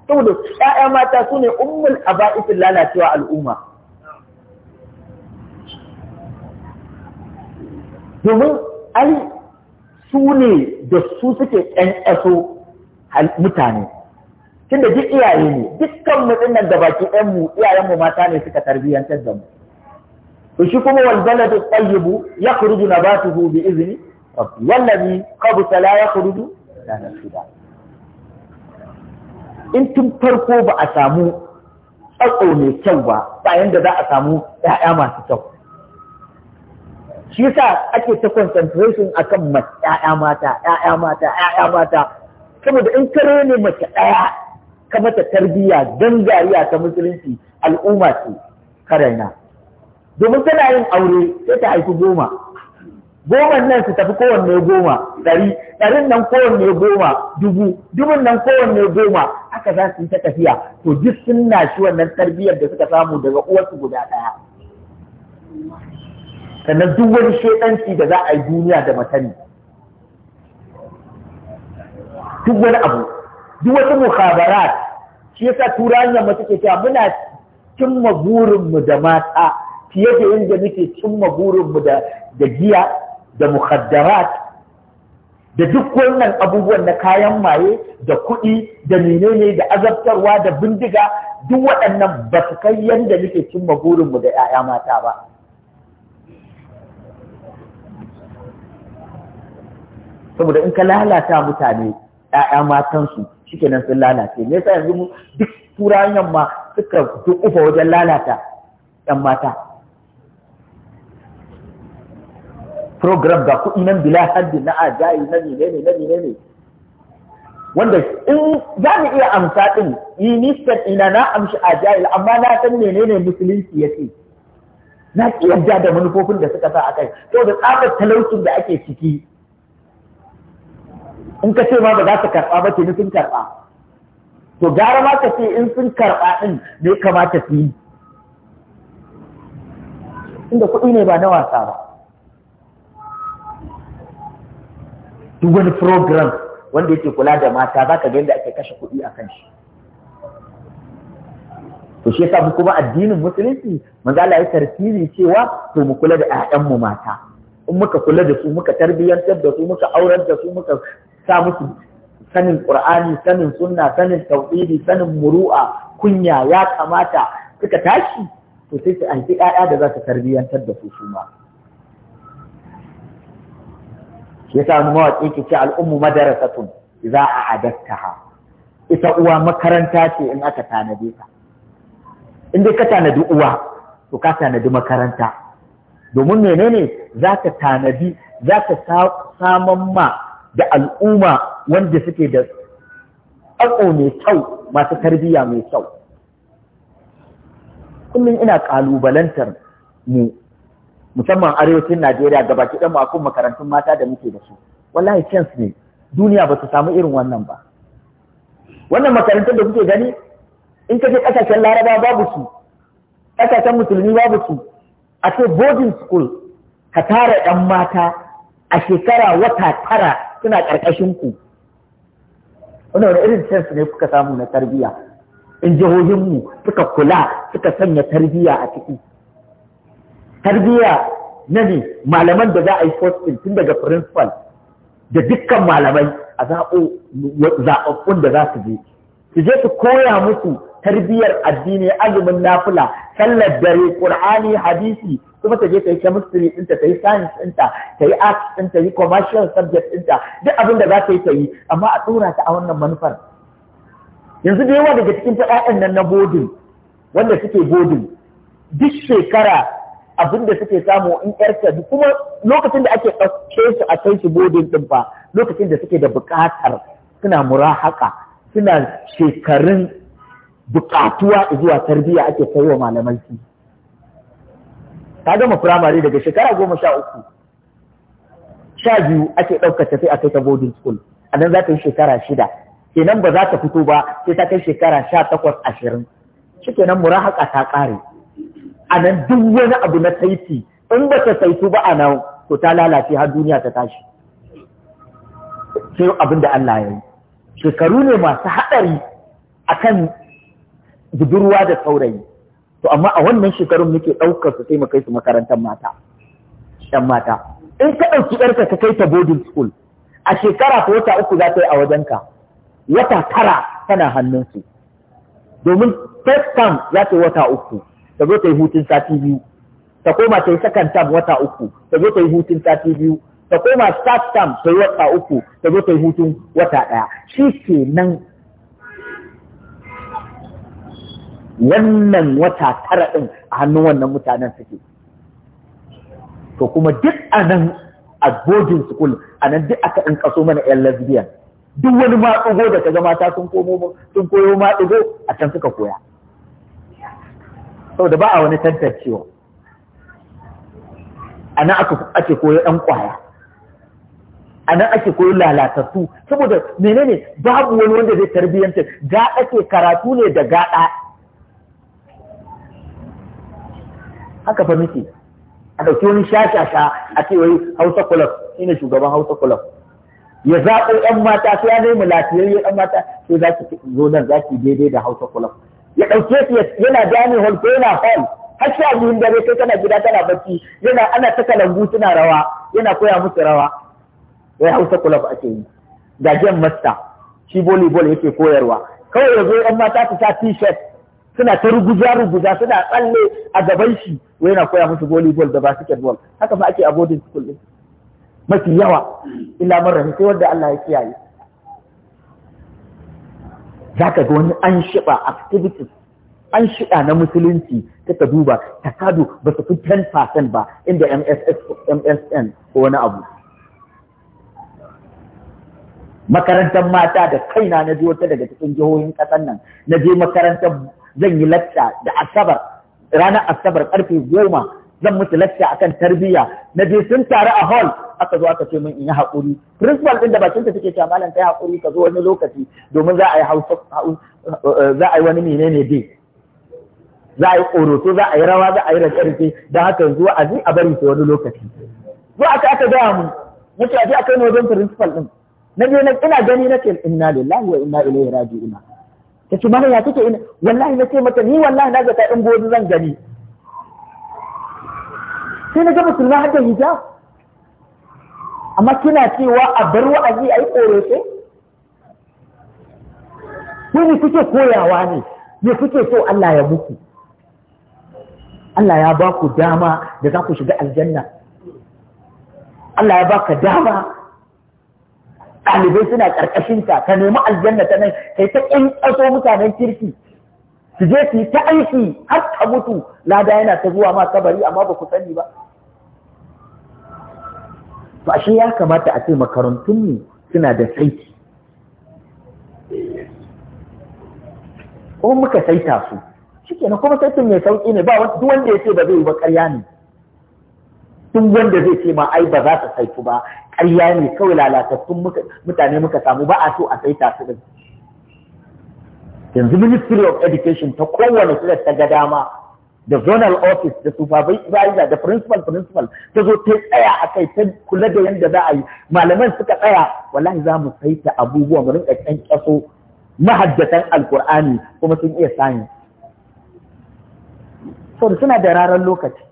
saboda ‘ya'ya mata su ne ummul aba'isin lalacewa al'umma domin ai su ne da su suke ƙyanƙyaso mutane tun da duk iyaye ne dukkan mu nan da baki 'yanmu iyayenmu iyayen mu mata ne suka tarbiyyantar da mu to shi kuma wal baladu tayyibu yakhruju nabatuhu bi izni rabbi wallazi qabta la yakhruju na nafida in tun farko ba a samu tsatso mai kyau ba bayan da za a samu 'ya'ya masu kyau shi yasa ake ta concentration akan mace ƴaƴa mata ƴaƴa mata ƴaƴa mata saboda in kare ne mace ɗaya ka mata tarbiyya gangariya ta musulunci al'umma ce karaina domin tana yin aure sai ta haifi goma goma nan su tafi kowanne goma ɗari ɗarin nan kowanne goma dubu dubun nan kowanne goma aka za su yi ta tafiya to duk sun nashi wannan tarbiyyar da suka samu daga uwarsu guda ɗaya sannan duk wani shedanci da za a yi duniya da matani duk wani abu duk wata muhabarat shi yasa turaniyar mace ke cewa muna cimma burinmu da mata fiye da yadda muke cimma burinmu da da giya da muhaddarat da duk wannan abubuwan na kayan maye da kuɗi da menene da azabtarwa da bindiga duk waɗannan ba su kai yanda muke cimma burinmu da 'ya'ya mata ba saboda in ka lalata mutane ƴaƴa matansu shikenan sun lalace me yasa yanzu duk turan yamma suka dukufa wajen lalata ƴan mata program ga kuɗi nan bila haddi na ajayi na menene na ne wanda in za mu iya amsa ɗin ministan ina na amshi ajayi amma na san menene musulunci ya ce na iya da manufofin da suka sa a kai da tsabar talaucin da ake ciki in ka ce ma ba za ka karɓa ba ke sun karɓa to gara ma ka ce in sun karɓa ɗin ne kamata su yi inda kuɗi ne ba na wasa ba duk wani program wanda yake kula da mata za ka ga yadda ake kashe kuɗi a kan shi to shi yasa kuma addinin musulunci manzo Allah ya tartibi cewa to mu kula da ƴaƴanmu mata in muka kula da su muka tarbiyyantar da su muka aurar da su muka sa musu sanin qur'ani sanin sunna sanin tauhidi sanin muru'a kunya ya kamata suka tashi to sai su aiki ƴaƴa da za su tarbiyantar da su su ma ya sa mu mawaƙi ki ce al'ummu madarasatun za a adattaha ita uwa makaranta ce in aka tanade ta in dai ka tanadi uwa to ka tanadi makaranta domin menene za ka tanadi za ka saman ma da al'umma wanda suke da tsako mai kyau masu tarbiyya mai kyau kullum ina ƙalubalantar mu musamman arewacin Najeriya ga baki ɗan makon makarantun mata da muke da su wallahi chance ne duniya ba su samu irin wannan ba wannan makarantun da kuke gani in ka je kasashen Laraba babu su ƙasashen musulmi babu su a ce boarding school ka tara yan mata a shekara wata tara suna ƙarƙashin ku wannan wani irin sense ne kuka samu na tarbiyya in jihohinmu suka kula suka sanya tarbiyya a ciki tarbiyya na ne malaman da za a yi posting tun daga principal da dukkan malamai a zaɓaɓɓun da za su je su je su koya musu tarbiyyar addini azumin nafula sallar dare qur'ani hadisi kuma ta je ta yi chemistry ɗinta ta yi science ɗinta ta yi arts ɗinta, yi commercial subject ɗinta duk abin da za ta yi ta yi amma a tsora ta a wannan manufar yanzu da yawa daga cikin ƴaƴan nan na bodin wanda suke bodin duk shekara abin da suke samu in ƴarsa kuma lokacin da ake ɗauke su a kai su bodin ɗin fa lokacin da suke da buƙatar suna murahaka suna shekarun buƙatuwa zuwa tarbiyya ake kai wa malamai su ka gama firamare daga shekara goma sha uku sha biyu ake ɗaukar tafi a kai ta boarding school a nan za ta yi shekara shida kenan ba za ta fito ba sai ta kai shekara sha takwas ashirin shi kenan murahaka ta ƙare a nan duk wani abu na saiti in ba ta saitu ba a nan to ta lalace har duniya ta tashi sai abin da Allah ya yi shekaru ne masu haɗari akan budurwa da saurayi to amma a wannan shekarun muke ɗaukar su sai su makarantar mata yan mata in ka ɗauki ɗarka ka kai ta boarding school a shekara ta wata uku za ta yi a wajenka wata tara tana hannunsu domin first term za ta yi wata uku ta zo ta yi hutun sati biyu ta koma ta yi second term wata uku ta zo ta yi hutun sati biyu ta koma third term ta yi wata uku ta zo ta yi hutun wata ɗaya shi ke nan wannan wata tara ɗin a hannun wannan mutanen suke to kuma duk a nan a bojin sukul, a nan duk aka ɗin kaso mana yan lesbian duk wani maɗigo da kaga ta sun komo sun koyo maɗigo a can suka koya saboda ba a wani tantancewa a nan ake koyo ɗan ƙwaya a nan ake koyo lalatattu saboda menene babu wani wanda zai tarbiyyanta ga ake karatu ne da gaɗa haka fa miki a ɗauki wani shashasha a ce wai hausa club shine shugaban hausa kulaf. ya zaɓo ‘yan mata sai ya nemi lafiyayyen ‘yan mata sai za ki zo nan za ki daidai da hausa kulaf. ya ɗauke ki yana dining hall ko yana hall har sha biyun dare kai kana gida kana bacci yana ana ta kalangu tana rawa yana koya musu rawa wai hausa kulaf ake yi jan masta shi volleyball yake koyarwa kawai ya zo ‘yan mata su sa t-shirt suna ta ruguza ruguza suna tsalle a gaban shi wai yana koya musu volleyball da basketball haka ma ake a boarding school din mafi yawa illa marar sai wanda Allah ya kiyaye zaka ga wani an shiba activities an shida na musulunci ta duba ta kado ba su fi 10% ba inda MSN ko wani abu. Makarantar mata da kaina na wata daga cikin jihohin ƙasar nan, na je makarantar zan yi lacca da asabar ranar asabar karfe goma zan musu lacca akan tarbiyya na je sun taru a hall aka zo aka ce min in yi haƙuri principal din da bakin ta take cewa malam kai haƙuri ka zo wani lokaci domin za a yi za a yi wani menene dai za a yi ƙoroto za a yi rawa za a yi rarrafe don haka yanzu a ji a bari su wani lokaci zo aka aka gaya mu mutu ce a je a kai wajen principal din na je ina gani na ce inna lillahi wa inna ilaihi raji'un ta ce mana ya kake ina wallahi na ce mata ni wallahi na zata in gobe zan gani sai na ga musulma har da hijab amma kina cewa a bar wa'azi a yi ƙoroshe ko ne kuke koyawa ne ne kuke so Allah ya muku Allah ya ba ku dama da za ku shiga aljanna Allah ya baka dama ɗalibai suna ƙarƙashin ka ka nemi aljanna ta nan kai ta ƙaso mutanen kirki su je su yi ta aiki har ka mutu lada yana ta zuwa ma kabari amma ba ku sani ba to ashe ya kamata a ce makarantun mu suna da saiti ko muka saita su shikenan kuma saitin mai sauki ne ba duk wanda ya ce ba zai yi ba ƙarya ne Tun wanda zai ce ma ai ba za ta saitu ba ƙarya ne kawai lalatattun mutane muka samu ba a so a saita su din yanzu ministry of education ta kowane su ta ga dama da zonal office da supervisor da principal principal ta zo ta tsaya a kai ta kula da yadda za a yi malaman suka tsaya wallahi za mu saita abubuwa mu rinka kyankyaso mahaddatan alkur'ani kuma sun iya sani Sau suna da raran lokaci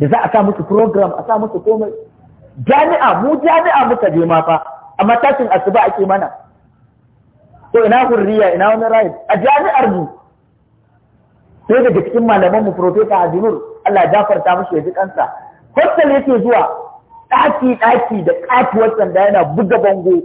da za a sa musu program a sa musu komai jami'a mu jami'a muka je ma fa A matakin asuba ake mana to ina hurriya ina wani rai a jami'ar mu sai daga cikin malaman mu profesa Hadinur Allah ya gafarta mushi ya ji kansa hostel yake zuwa ɗaki ɗaki da katuwar sanda yana buga bango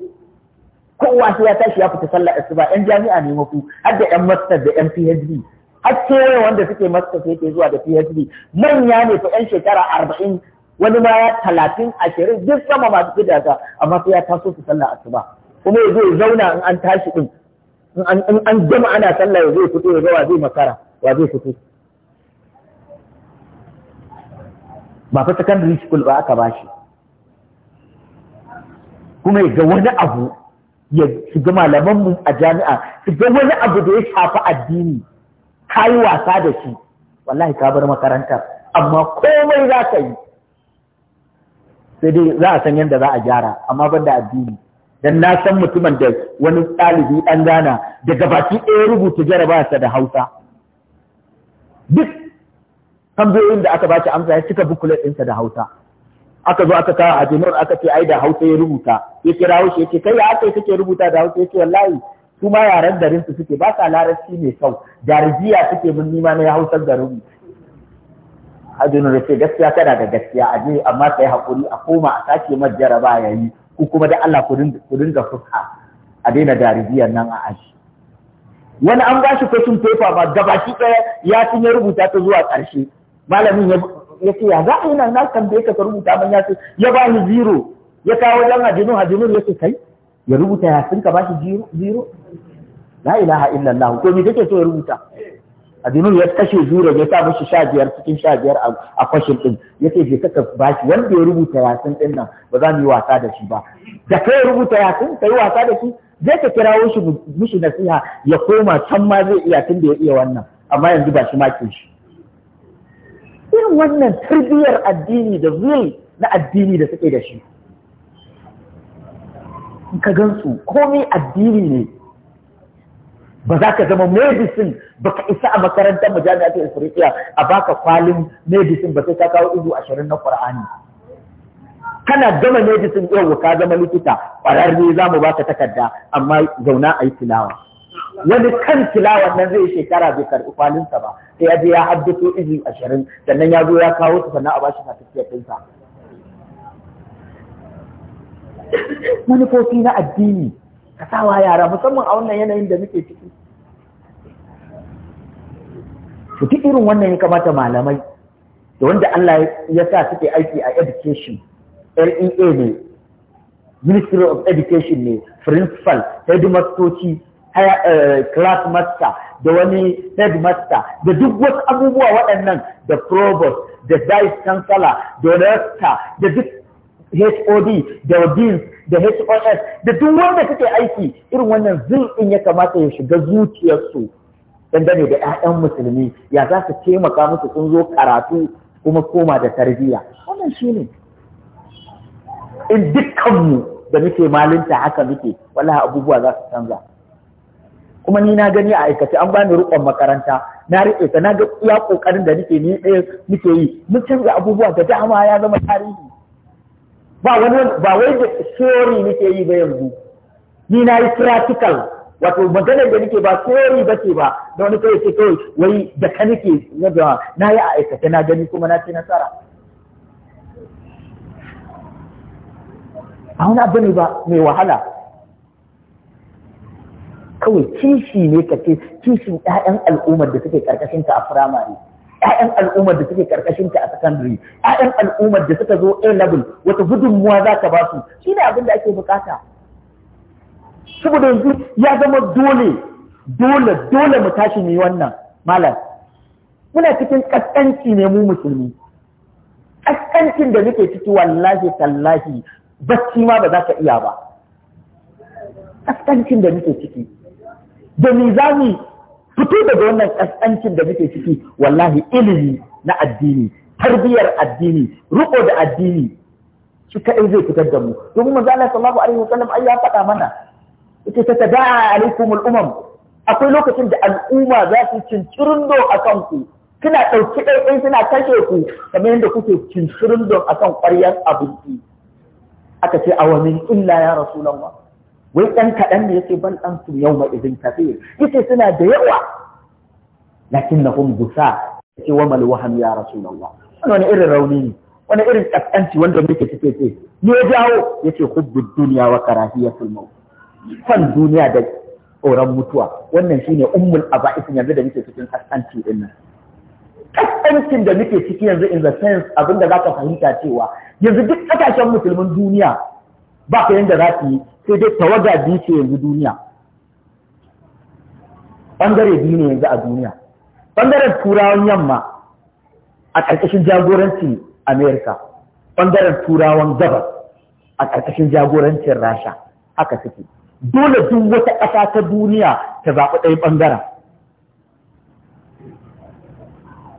kowa sai ya tashi ya fita sallar asuba yan jami'a ne mafi har da yan master da yan PhD har kewaye wanda suke masters yake zuwa da PhD manya ne fa 'yan shekara arba'in wani ma ya talatin ashirin duk sama masu gidasa amma sai ya taso su sallah asuba kuma ya zo ya zauna in an tashi din in an gama ana sallah ya zo ya fito ya ga wa zai makara wa zai fito ba fa secondary school ba aka bashi kuma ya ga wani abu ya shiga malaman mu a jami'a su ga wani abu da ya shafi addini ka yi wasa da shi wallahi ka bar makarantar amma komai za ka yi sai dai za a san yadda za a gyara amma ban da addini dan na san mutumin da wani ɗalibi ɗan gana daga baki ɗaya rubuta jarabarsa da hausa duk tambayoyin da aka bashi amsa ya cika bukulet ɗinsa da hausa aka zo aka kawo ajinur aka ce ai da hausa ya rubuta ya kira hausa ya ce kai ya aka yi kake rubuta da hausa ya ce wallahi su ma yaren garin su suke ba sa larabci mai kyau jarjiya suke mun nima na hausar garin mu hajjun rufe gaskiya tana da gaskiya a je amma sai hakuri a koma a sake mar jaraba yayi ku kuma da Allah ku dinga fuska a daina jarjiyar nan a aji wani an ba shi kwacin fefa ba gabaki ɗaya ya tun ya rubuta ta zuwa ƙarshe malamin ya ce ya za a yi nan na tambaye ka rubuta man ya ce ya ba ni zero ya kawo jan hajjunun hajjunun ya ce kai ya rubuta ya sun ka ba shi zero la ilaha illallah to me kake so ya rubuta adinu ya kashe zure ya sa mishi sha cikin sha a kwashin din Yake je kaka ba shi wanda ya rubuta yasin din nan ba za mu yi wasa da shi ba da kai rubuta ya ka yi wasa da shi zai ka kirawo shi mishi nasiha ya koma can ma zai iya tun da ya iya wannan amma yanzu ba shi makin shi irin wannan tarbiyyar addini da zai na addini da suke da shi ka gansu komai addini ne ba za ka zama medicine ba ka isa a makarantar mu ta Afirka a baka kwalin medicine ba sai ka kawo izu ashirin na Qur'ani kana gama medicine yau ka zama likita ƙwararre za mu baka takarda amma zauna a yi tilawa wani kan tilawa nan zai shekara bai karɓi kwalinsa ba sai ya je ya haddasa izu ashirin sannan ya zo ya kawo su sannan a bashi certificate sa. manufofi na addini ka sawa yara musamman a wannan yanayin da muke ciki su irin wannan ya kamata malamai da wanda Allah ya sa suke aiki a education LEA ne Ministry of Education ne principal headmastoci eh, class master da wani headmaster da duk wasu abubuwa waɗannan da provost da vice chancellor da rector da duk HOD da DINS da HOS da duk wanda suke aiki irin wannan in ya kamata ya shiga zuciyarsu dangane da 'ya'yan musulmi ya za su taimaka musu sun zo karatu kuma koma da tarbiyya wannan shi ne in dukkanmu da muke malinta haka muke wala abubuwa za su canza kuma ni na gani a aikace an bani rukon makaranta na riƙe ta na ga iya ƙoƙarin da nake ni ɗaya eh, muke yi mun canza abubuwa da dama ya zama tarihi ba wani ba wai da theory nake yi ba yanzu ni na yi practical wato maganar da nake ba theory ba ce ba da wani kai ce kawai wai da ka nake na da na yi aikata na gani kuma na ci nasara a wani abu ne ba mai wahala kawai kishi ne ka ce kishin 'ya'yan al'ummar da suke karkashin ka a firamare ƴaƴan al'ummar da suke ƙarƙashin ta a secondary ƴaƴan al'ummar da suka zo A level wata gudunmuwa za ka ba su shi ne abin da ake bukata saboda yanzu ya zama dole dole dole mu tashi mu wannan malam muna cikin kaskanci ne mu musulmi kaskancin da muke ciki wallahi tallahi bacci ma ba za ka iya ba kaskancin da muke ciki da ni za mu fito daga wannan kaskancin da muke ciki wallahi ilimi na addini tarbiyar addini riko da addini shi kadai zai fitar da mu domin manzo Allah sallallahu alaihi wasallam ai ya faɗa mana yace tatada'a alaikumul umam akwai lokacin da al'umma za su cincirindo a kan ku kuna ɗauki ɗaiɗai suna kashe ku kamar yadda kuke cincirindo a akan ƙwaryar abinci aka ce awamin illa ya rasulallah wai ɗan kaɗan ne yake ban ɗan su yau ma izin kafir yace suna da yawa lakin na hum gusa yace wa mal waham ya rasulullah wani irin rauni ne wani irin ƙasƙanci wanda muke cike ce ne jawo yace hubbin duniya wa karahiyatul maut san duniya da tsoron mutuwa wannan shine ummul aba'is yanzu da muke cikin ƙasƙanci din nan Ƙasƙancin da muke ciki yanzu in the sense abinda ka fahimta cewa yanzu duk kasashen musulmin duniya ba ka yanda za su yi sai dai tawaga biyu ce yanzu duniya ɓangare biyu ne yanzu a duniya ɓangaren turawan yamma a ƙarƙashin jagorancin amerika ɓangaren turawan gabas a ƙarƙashin jagorancin rasha haka suke dole duk wata ƙasa ta duniya ta zaɓi ɗaya ɓangaren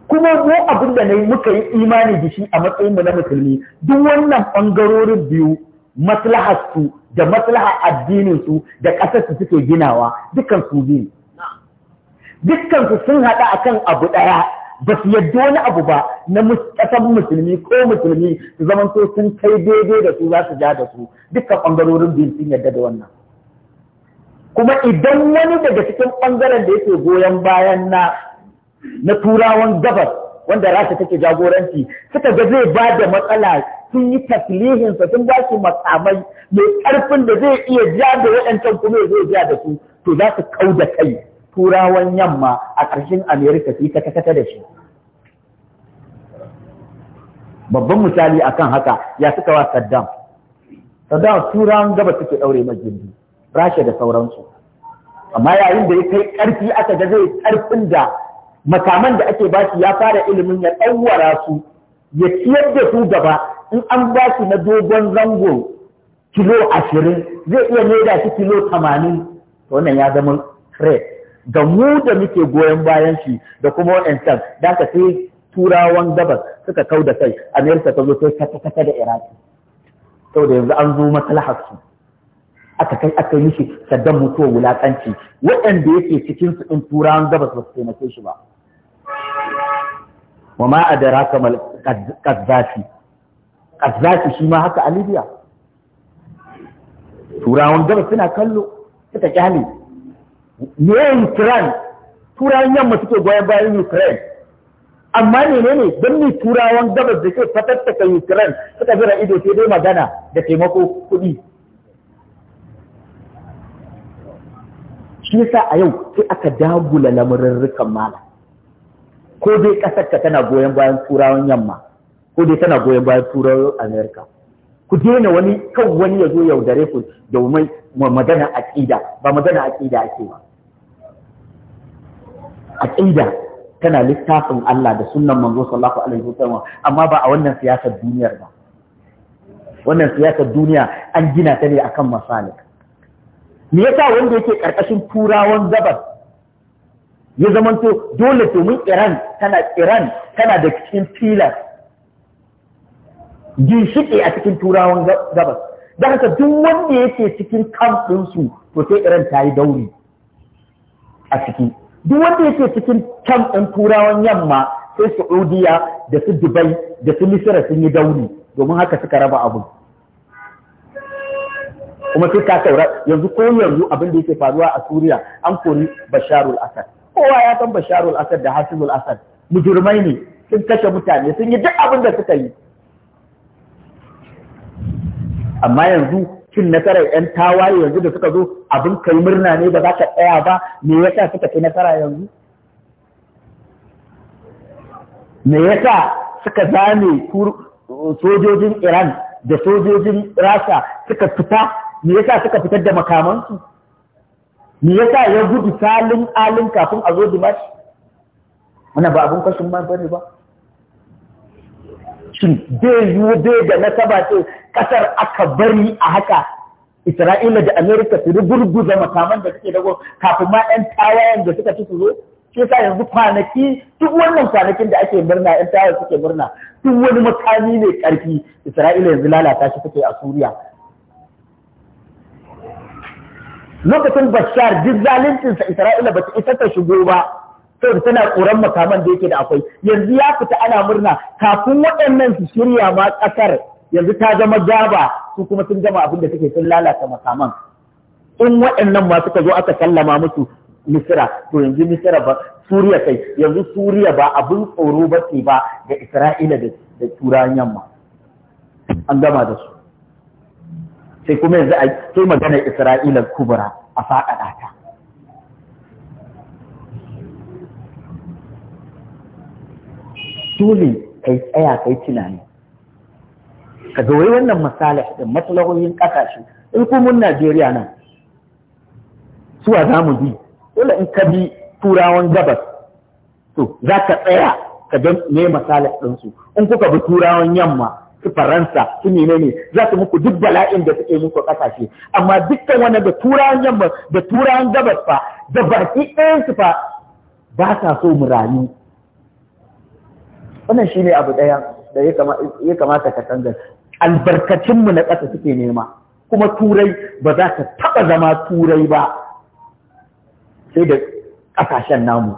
kuma mu abin da muka yi imani da shi a matsayinmu na musulmi duk wannan ɓangarorin biyu maslaharsu da maslahar addininsu da ƙasarsu suke ginawa dukkan su ne. dukkan su sun haɗa akan abu ɗaya ba su yadda wani abu ba na ƙasar musulmi ko musulmi su zaman to sun kai daidai da su za su ja da su dukkan ɓangarorin biyu sun yadda da wannan kuma idan wani daga cikin ɓangaren da yake goyon bayan na na turawan gabas wanda rasha take jagoranci suka ga zai ba da matsala sun yi taflihinsa sun ba shi makamai mai ƙarfin da zai iya ja da waɗancan kuma zai ja da su to za su kau da kai turawan yamma a ƙarshen amerika su yi kata da shi babban misali akan haka ya suka wa saddam saddam turawan gaba suke ɗaure majindi rasha da sauransu amma yayin da ya kai ƙarfi aka ga zai ƙarfin da makaman da ake ba shi ya fara ilimin ya tsawara su ya ciyar da su gaba in an ba shi na dogon zango kilo ashirin zai iya maida shi kilo tamanin wannan ya zama red Ga mu da muke goyon bayan shi da kuma waɗancan da aka sai turawan gabas suka kau da kai amerika ta zo sai kata kata da iraki saboda yanzu an zo maslahar su aka kai aka yi shi saddan mutuwa wulakanci waɗanda yake cikinsu su in turawan gabas ba su taimake shi ba wa ma adara adraka mal qazzafi qazzafi shi ma haka a Libya turawan gaba suna kallo suka kyale ne Ukraine turawan yamma suke goyon bayan Ukraine amma menene don ni turawan gabas da ke fatattaka Ukraine suka zira ido sai dai magana da taimako kuɗi shi sa a yau sai aka dagula lamurarrukan mala ko dai kasar ka tana goyon bayan turawan yamma ko dai tana goyon bayan turawan amerika ku daina wani kan wani ya zo yaudare ku domin magana aƙida ba magana aƙida ake ba aƙida tana littafin Allah da sunnan manzo sallallahu alaihi wasallam amma ba a wannan siyasar duniyar ba wannan siyasar duniya an gina ta ne akan masalik me yasa wanda yake karkashin turawan gabas ya zamanto dole domin Iran tana Iran tana da cikin filas ginshiƙe a cikin turawan gabas da haka duk wanda yake cikin kamfinsu to sai Iran ta yi dauri a ciki duk wanda yake cikin kamfin turawan yamma sai Saudiya da su Dubai da su Misira sun yi dauri domin haka suka raba abu kuma sai ka saura yanzu ko yanzu abin da yake faruwa a Suriya an kori Basharul Asad kowa ya san basharul asad da hasibul asad mujurmai ne sun kashe mutane sun yi duk abin da suka yi amma yanzu cin nasarar 'yan tawaye yanzu da suka zo abin kai murna ne ba za ka tsaya ba me yasa suka fi nasara yanzu me yasa suka zame sojojin iran da sojojin rasha suka fita me yasa suka fitar da makamansu me yasa ya gudu salin alin kafin a zo dimash wannan ba abun kashin man bane ba shin dai yiwu dai da saba ce kasar aka bari a haka Isra'ila da Amerika su da makaman da suke dago kafin ma ɗan tawayen da suka ci su zo shi yasa yanzu kwanaki duk wannan kwanakin da ake murna 'yan tawayen suke murna duk wani makami ne ƙarfi Isra'ila yanzu lalata shi take a Suriya lokacin bashar duk zaluncinsa isra'ila ba ta isa ta shigo ba saboda tana tsoron makaman da yake da akwai yanzu ya fita ana murna kafin waɗannan su shirya ma ƙasar yanzu ta zama gaba su kuma sun gama abin da suke sun lalata makaman in waɗannan ma suka zo aka sallama musu misira to yanzu misira ba suriya kai yanzu suriya ba abin tsoro ba ce ba ga isra'ila da turan yamma an gama da su sai kuma yanzu sai maganar Isra'ila kubura a faɗaɗa ta dole kai tsaya kai tunani ka ga wai wannan misali da matsalolin kasashe in ko mun Najeriya nan suwa zamu mu bi dole in ka bi turawan gabas to za ka tsaya ka ga me misalih in kuka bi turawan yamma faransa su ne ne za su muku duk bala'in da suke muku kasashe amma dukkan wani da turawan yamma da turawan gabas fa da baki ɗayan su fa ba sa so mu rayu wannan shine abu ɗaya da ya kamata ka canza albarkacin mu na ƙasa suke nema kuma turai ba za ta taɓa zama turai ba sai da ƙasashen namu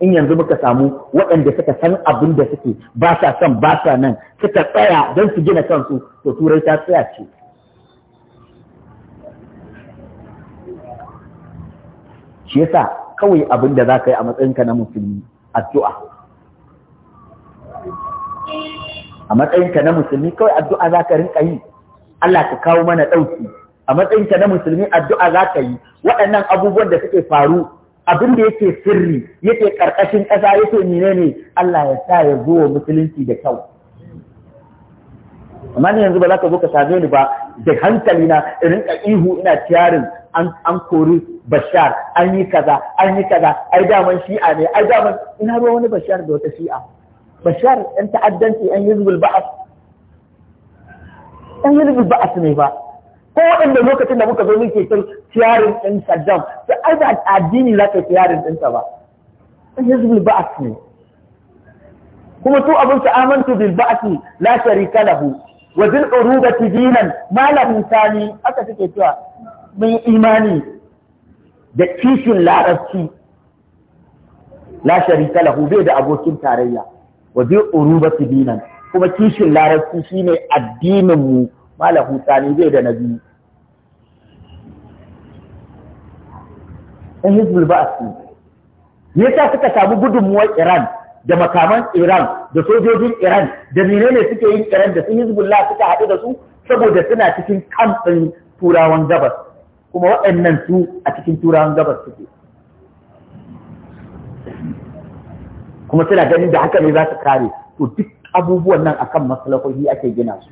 in yanzu muka samu waɗanda suka san abin da suke ba sa son ba sa nan suka tsaya don su gina kansu to turai ta tsaya ce shi yasa kawai abin da za ka yi a matsayinka na musulmi addu'a a matsayinka na musulmi kawai addu'a za ka rinka yi Allah ka kawo mana ɗauki a matsayinka na musulmi addu'a za ka yi waɗannan abubuwan da suke faru abin da yake sirri yake karkashin ƙasa yake menene Allah ya sa ya zo wa musulunci da kyau amma ni yanzu ba za ka zo ka same ni ba da hankali na irin ihu ina tiyarin an kori bashar an yi kaza an yi kaza ai da man shi'a ne ai da man, ina ruwa wani bashar da wata shi'a bashar yan ta'addanci yan yizbul ba'as yan yizbul ba'as ne ba ko waɗanda lokacin da muka zo muke kai tiyarin ɗin Saddam to ai ba addini za ka tiyarin ɗinsa ba hizbul ba'ath ne kuma su abin su amantu bil ba'ath la sharika lahu wa bil urubati dinan ma lahu thani aka suke cewa mun imani da kishin larabci la sharika lahu bai da abokin tarayya wa bil urubati dinan kuma kishin larabci shine addinin mu ma lahu thani bai da nabi ɗan hizbul ba'as ya yasa suka samu gudunmuwar Iran da makaman Iran da sojojin Iran da menene suke yin Iran da su Hizbullah suka haɗu da su saboda suna cikin kamfin turawan gabas kuma waɗannan su a cikin turawan gabas suke kuma suna ganin da haka ne za su kare to duk abubuwan nan akan maslahohi ake gina su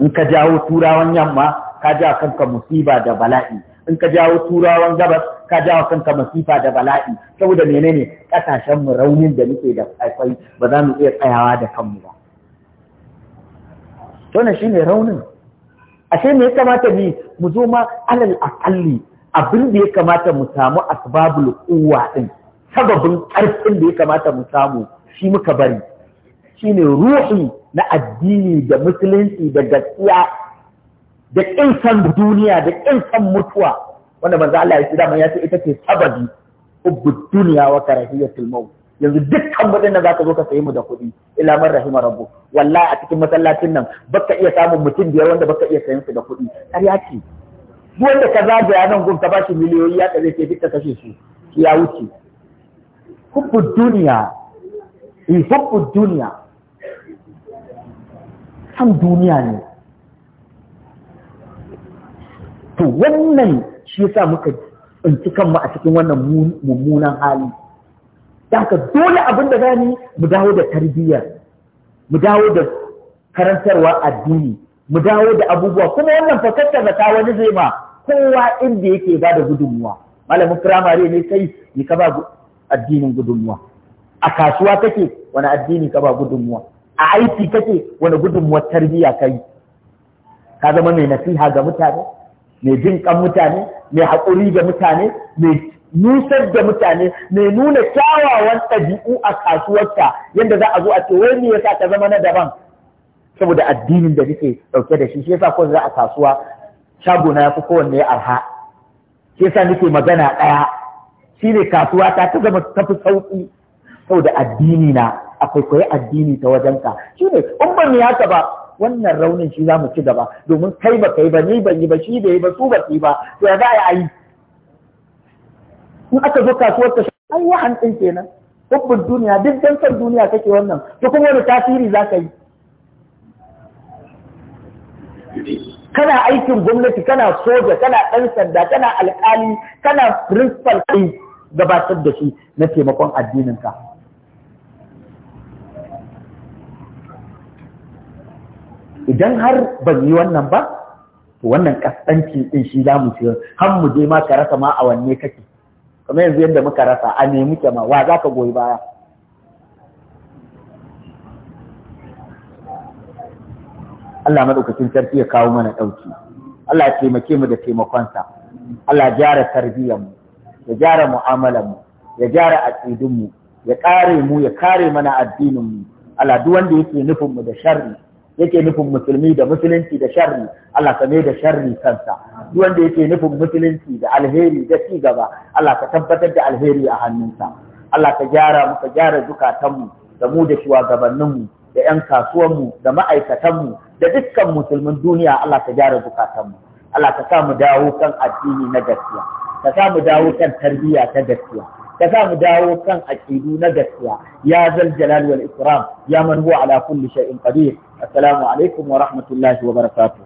in ka jawo turawan yamma ka ja kanka musiba da bala'i in ka jawo turawan gabas ka jawo kanka masifa da bala'i saboda menene kasashen mu raunin da muke da akwai ba za mu iya tsayawa da kanmu ba to ne shine raunin ashe me ya kamata ni mu zo ma alal aqalli abin da ya kamata mu samu asbabul quwwa din sababin karfin da ya kamata mu samu shi muka bari shine ruhi na addini da musulunci da gaskiya da ƙin san duniya da ƙin san mutuwa wanda manzo Allah ya ce zaman ya ce ita ce sababi ubu duniya wa karahiyatul maut yanzu dukkan mu za zaka zo ka sayi mu da kuɗi ila man rahima rabbu wallahi a cikin masallacin nan baka iya samun mutum biyar wanda baka iya sayan su da kuɗi ƙarya ce duk wanda ka zagaya nan gun ka bashi miliyoyi ya zai sai duka kashe su ya wuce ubu duniya eh, ubu duniya san duniya ne to wannan shi yasa muka tsinci kanmu a cikin wannan mummunan hali da haka dole abin da gani mu dawo da tarbiyya, mu dawo da karantarwa addini mu dawo da abubuwa kuma wannan fatakar da ta wani zai ma kowa inda yake ba da gudunmuwa malamin firamare ne sai ni ka ba addinin gudunmuwa a kasuwa kake wani addini ka ba gudunmuwa a aiki kake wani gudunmuwar tarbiyya kai ka zama mai nasiha ga mutane mai jin kan mutane mai haƙuri da mutane mai nusar da mutane mai nuna kyawawan ɗabi'u a kasuwarta yadda za a zo a ce wai me yasa ta zama na daban saboda addinin da nake ɗauke da shi shi yasa kowanne a kasuwa shagona ya fi kowanne arha shi yasa nake magana ɗaya shi ne kasuwa ta ta zama ta fi sauƙi saboda addini na akwai kwaikwayi addini ta wajenka shi ne in ban haka ba wannan raunin shi za mu ci gaba domin kai ba kai ba ni ban yi ba shi bai yi ba su ba su ba to ya za a yi in aka zo kasuwar ta ai wahan din kenan hubbun duniya duk dantar duniya kake wannan to kuma wani tasiri za ka yi kana aikin gwamnati kana soja kana ɗan sanda kana alƙali kana principal kai gabatar da shi na taimakon addinin ka idan har ban yi wannan ba to wannan kasanci din shi za mu ci har mu je ma ka rasa ma a wanne kake Kuma yanzu yadda muka rasa a ne muke ma wa za ka goyi baya Allah maɗaukacin sarki ya kawo mana ɗauki Allah ya taimake mu da taimakonsa Allah ya gyara tarbiyyar mu ya gyara mu'amalar mu ya gyara aƙidun mu ya ƙare mu ya kare mana addinin mu Allah duk wanda yake nufin mu da sharri yake nufin musulmi da musulunci da sharri Allah ka da sharri kansa duk wanda yake nufin musulunci da alheri da ci gaba Allah ka tabbatar da alheri a hannunsa Allah ka gyara mu ka gyara zukatanmu da mu da shugabanninmu da 'yan kasuwanmu da ma'aikatanmu da dukkan musulmin duniya Allah ka gyara zukatanmu Allah ka sa mu dawo kan addini na gaskiya ka sa mu dawo kan tarbiyya ta gaskiya ka sa mu dawo kan aƙidu na gaskiya ya zal jalal wal ikram ya man huwa ala kulli shay'in qadir assalamu alaikum wa rahmatullahi wa barakatuh